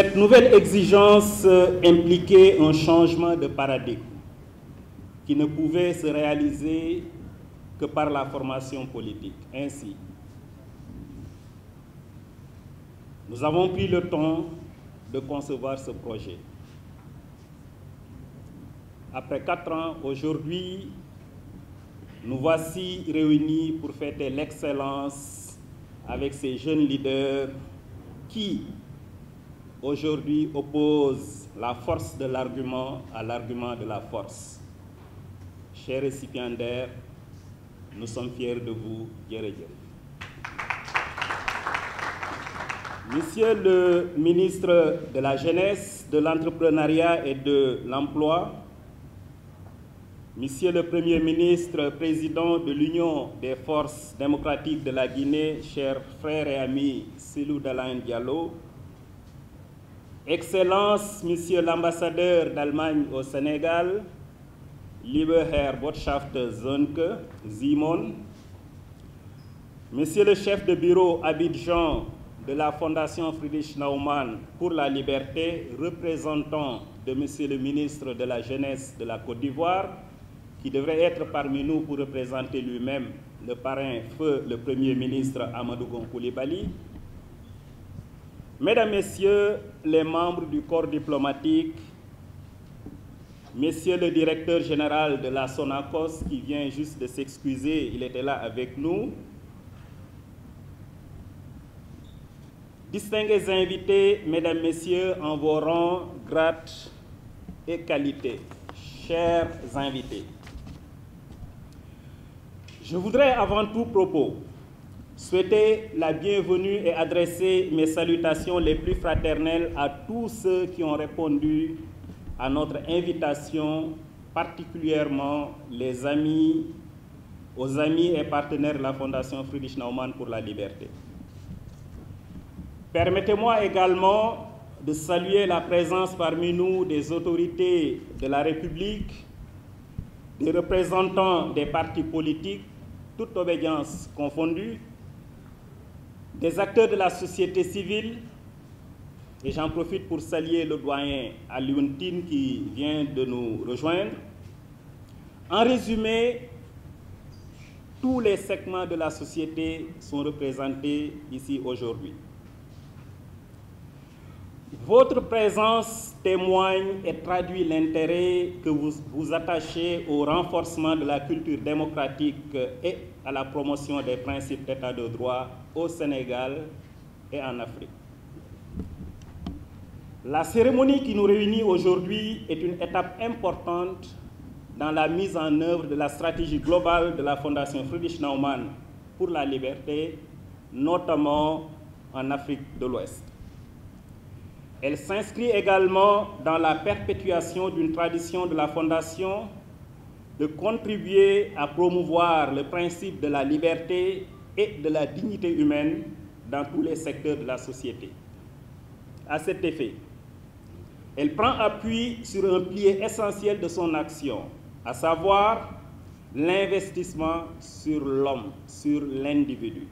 Cette nouvelle exigence euh, impliquait un changement de paradigme qui ne pouvait se réaliser que par la formation politique. Ainsi, nous avons pris le temps de concevoir ce projet. Après quatre ans, aujourd'hui, nous voici réunis pour fêter l'excellence avec ces jeunes leaders aujourd'hui oppose la force de l'argument à l'argument de la force. Chers récipiendaires, nous sommes fiers de vous, Djeredjef. Monsieur le ministre de la Jeunesse, de l'Entrepreneuriat et de l'Emploi, Monsieur le Premier ministre, président de l'Union des forces démocratiques de la Guinée, cher frères et amis Silou Dalain Diallo, Excellences, Monsieur l'ambassadeur d'Allemagne au Sénégal, lieber Herr Botschafter Zönke, Simon, Monsieur le chef de bureau Abidjan de la Fondation Friedrich Naumann pour la liberté, représentant de Monsieur le ministre de la Jeunesse de la Côte d'Ivoire, qui devrait être parmi nous pour représenter lui-même le parrain feu le Premier ministre Amadou Gon Coulibaly, Mesdames, Messieurs les membres du corps diplomatique, Monsieur le directeur général de la Sonacos qui vient juste de s'excuser, il était là avec nous. Distingués invités, Mesdames, Messieurs, en vos rangs, grade et qualité, chers invités. Je voudrais avant tout propos Souhaiter la bienvenue et adresser mes salutations les plus fraternelles à tous ceux qui ont répondu à notre invitation, particulièrement les amis, aux amis et partenaires de la Fondation Friedrich Naumann pour la liberté. Permettez-moi également de saluer la présence parmi nous des autorités de la République, des représentants des partis politiques, toute obédience confondue, des acteurs de la société civile, et j'en profite pour saluer le doyen Aliontine qui vient de nous rejoindre. En résumé, tous les segments de la société sont représentés ici aujourd'hui. Votre présence témoigne et traduit l'intérêt que vous, vous attachez au renforcement de la culture démocratique et à la promotion des principes d'état de droit Sénégal et en Afrique. La cérémonie qui nous réunit aujourd'hui est une étape importante dans la mise en œuvre de la stratégie globale de la Fondation Friedrich Naumann pour la liberté, notamment en Afrique de l'Ouest. Elle s'inscrit également dans la perpétuation d'une tradition de la Fondation de contribuer à promouvoir le principe de la liberté et de la dignité humaine dans tous les secteurs de la société. À cet effet, elle prend appui sur un pilier essentiel de son action, à savoir l'investissement sur l'homme, sur l'individu.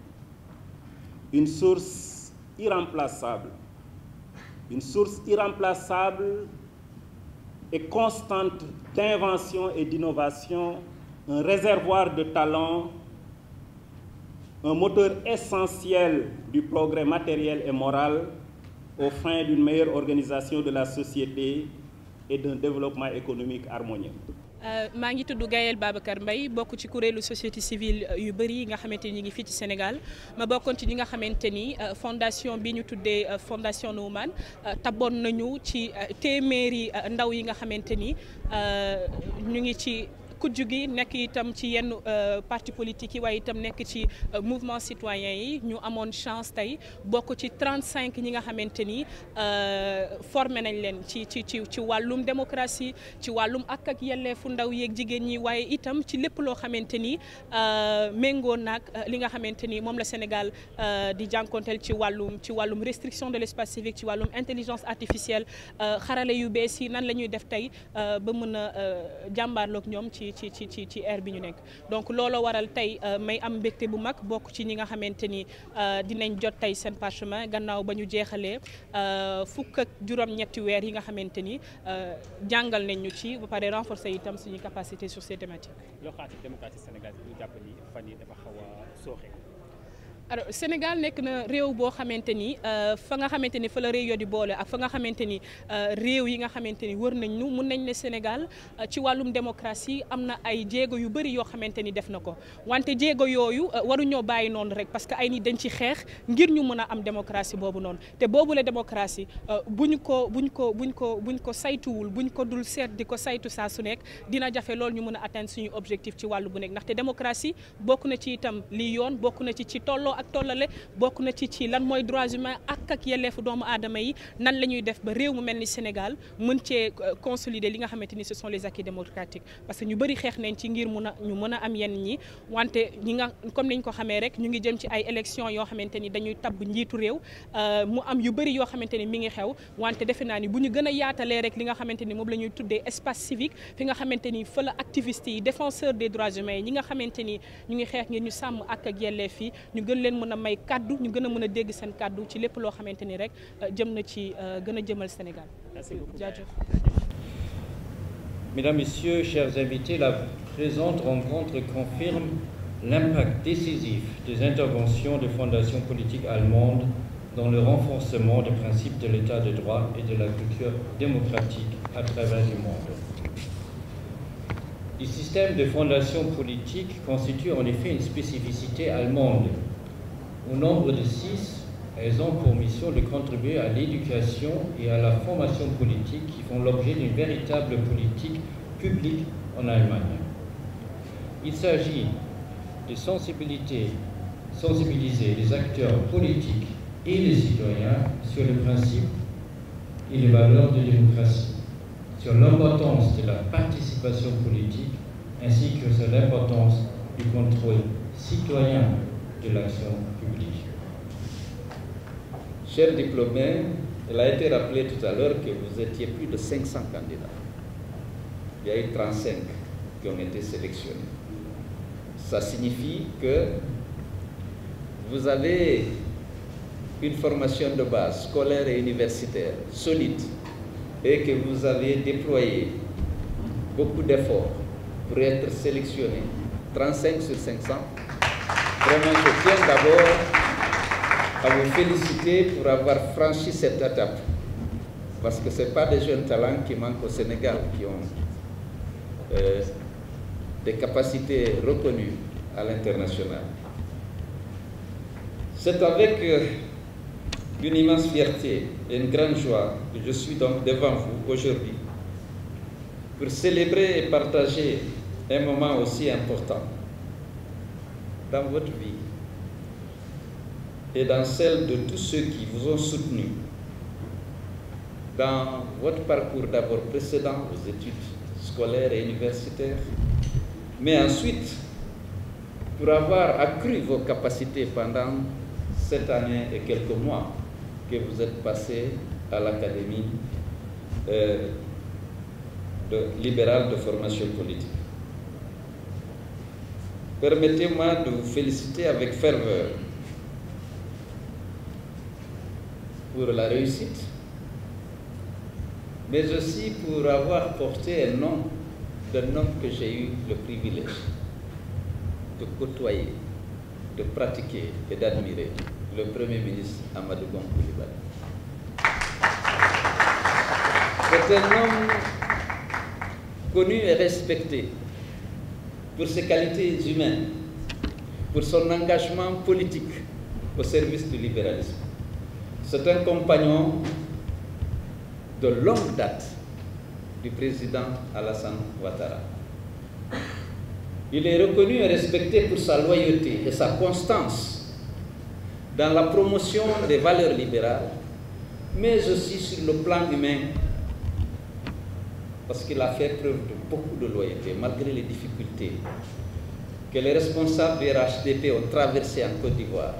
Une source irremplaçable, source irremplaçable et constante d'invention et d'innovation, un réservoir de talents un moteur essentiel du progrès matériel et moral aux fins d'une meilleure organisation de la société et d'un développement économique harmonieux. Euh, maa ngi tudd Gaël Babacar mbay bokk ci kuréelu société civile euh, yu bëri yi nga xamante ni ñu ngi fii ci Sénégal ma bokkoon ci ñi nga xamante ni euh, fondation bi ñu tuddee fondation Nouman taboon nañu ci téeméeri ndaw yi nga xamante ni ñu ngi ci. kujj gi nekk itam ci yenn euh, parti politique yi waaye itam nekk ci euh, mouvement citoyen yi ñu amoon chance tey bokk ci cinq ñi nga xamante ni euh, formé nañ leen ci ci ci ci wàllum démocratie ci wàllum ak ak yelleefu ndaw yeeg jigéen ñi waaye itam ci lépp loo xamante ni méngoo nag li nga xamante ni moom la Sénégal di jànkonteel ci wàllum ci wàllum restriction de l'espace civique ci wàllum intelligence artificielle xarale yu bees yi nan la ñuy def tey ba mën a jàmbaarloog ñoom ci ci ci ci air bi ñu nekk donc looloo waral tey euh, may am mbégte bu mag bokk ci ñi nga xamante ni euh, dinañ jot tey seen parchemin gannaaw ba ñu jeexalee euh, fukk ak juróom-ñetti weer yi nga xamante ni jàngal nañ ñu ci ba pare renforcer itam suñuy capacité sur ces loo xamante ni démocratie bi ñu jàpp ni fan yi dafa xaw a alors Sénégal nekk na réew boo xamante ni euh, fa nga xamante ni fa la réew yo di boole ak fa nga xamante ni euh, réew yi nga xamante ni wër nañ ñu mun nañ ne Sénégal euh, ci wàllum démocratie am na ay jéego yu bëri yoo xamante ni def na ko wante jéego yooyu waruñoo bàyyi noonu rek parce que ay nit dañ ci xeex ngir ñu mën a am démocratie boobu noonu te boobu la démocratie buñ ko buñ ko buñ ko buñ ko saytuwul buñ ko dul seet di ko saytu saa su nekk dina jafe loolu ñu mën a atteindre suñu objectif ci wàllu bu nekk ndaxte démocratie bokk na ci itam lii yoon bokk na ci ci tolloo ak tollale bokk na ci ci lan mooy droits humains ak ak yelleefu doomu aadama yi nan la ñuy def ba réew mu mel ni Sénégal mën cee euh, consolider li nga xamante ni ce sont les acquis démocratiques parce que ñu bëri xeex nañ ci ngir mun ñu mën a am yenn ñi wante ñi nga comme niñ ko xamee rek ñu ngi jëm ci ay élections yoo xamante ni dañuy tabb njiitu réew euh, mu am yu bëri yoo xamante ni mi ngi xew wante defe naa ni bu ñu gën a yaatalee rek li nga xamante ni moom la ñuy tuddee espace fi nga xamante ni fa la activistes yi défenseurs des droits humains yi ñi nga xamante ni ñu ngi xeex ngir ñu sàmm ak ak yelleef yi ñu gën leen mën a may kàddu ñu gën a mën a dégg seen kàddu ci lépp loo xamante ni rek euh, jëm na ci euh, gën a jëmal Sénégal jaajëf Mesdames, Messieurs, chers invités, la présente rencontre confirme l'impact décisif des interventions de fondations politiques allemandes dans le renforcement des principes de l'état de droit et de la culture démocratique à travers une spécificité allemande au nombre de six, elles ont pour mission de contribuer à l'éducation et à la formation politique qui font l'objet d'une véritable politique publique en Allemagne. Il s'agit de sensibiliser, sensibiliser les acteurs politiques et les citoyens sur le principe et les valeurs de démocratie, sur l'importance de la participation politique ainsi que sur l'importance du contrôle citoyen de l'action publique. Chers diplômés, il a été rappelé tout à l'heure que vous étiez plus de 500 candidats. Il y a eu 35 qui ont été sélectionnés. Ça signifie que vous avez une formation de base scolaire et universitaire solide et que vous avez déployé beaucoup d'efforts pour être sélectionné, 35 sur Vraiment, je tiens d'abord à vous féliciter pour avoir franchi cette étape. Parce que ce n'est pas des jeunes talents qui manquent au Sénégal, qui ont euh, des capacités reconnues à l'international. C'est avec euh, une immense fierté une grande joie que je suis devant vous aujourd'hui pour célébrer et partager un moment aussi important dans votre vie et dans celle de tous ceux qui vous ont soutenu dans votre parcours d'abord précédent, vos études scolaires et universitaires, mais ensuite pour avoir accru vos capacités pendant cette année et quelques mois que vous êtes passé à l'Académie euh, de, libérale de formation politique. Permettez-moi de vous féliciter avec ferveur pour la réussite, mais aussi pour avoir porté un nom d'un homme que j'ai eu le privilège de côtoyer, de pratiquer et d'admirer, le Premier ministre Amadou Gompoulibaly. C'est un homme connu et respecté pour ses qualités humaines, pour son engagement politique au service du libéralisme. C'est un compagnon de longue date du président Alassane Ouattara. Il est reconnu et respecté pour sa loyauté et sa constance dans la promotion des valeurs libérales, mais aussi sur le plan humain parce qu'il a fait preuve de beaucoup de loyauté, malgré les difficultés que les responsables du RHDP ont traversées en Côte d'Ivoire.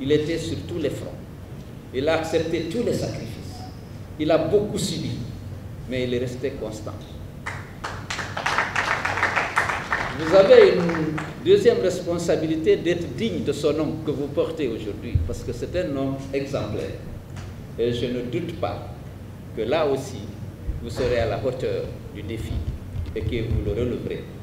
Il était sur tous les fronts. Il a accepté tous les sacrifices. Il a beaucoup subi, mais il est constant. Vous avez une deuxième responsabilité d'être digne de son nom que vous portez aujourd'hui, parce que c'est un nom exemplaire. Et je ne doute pas que là aussi, vous serez à la hauteur du défi et que vous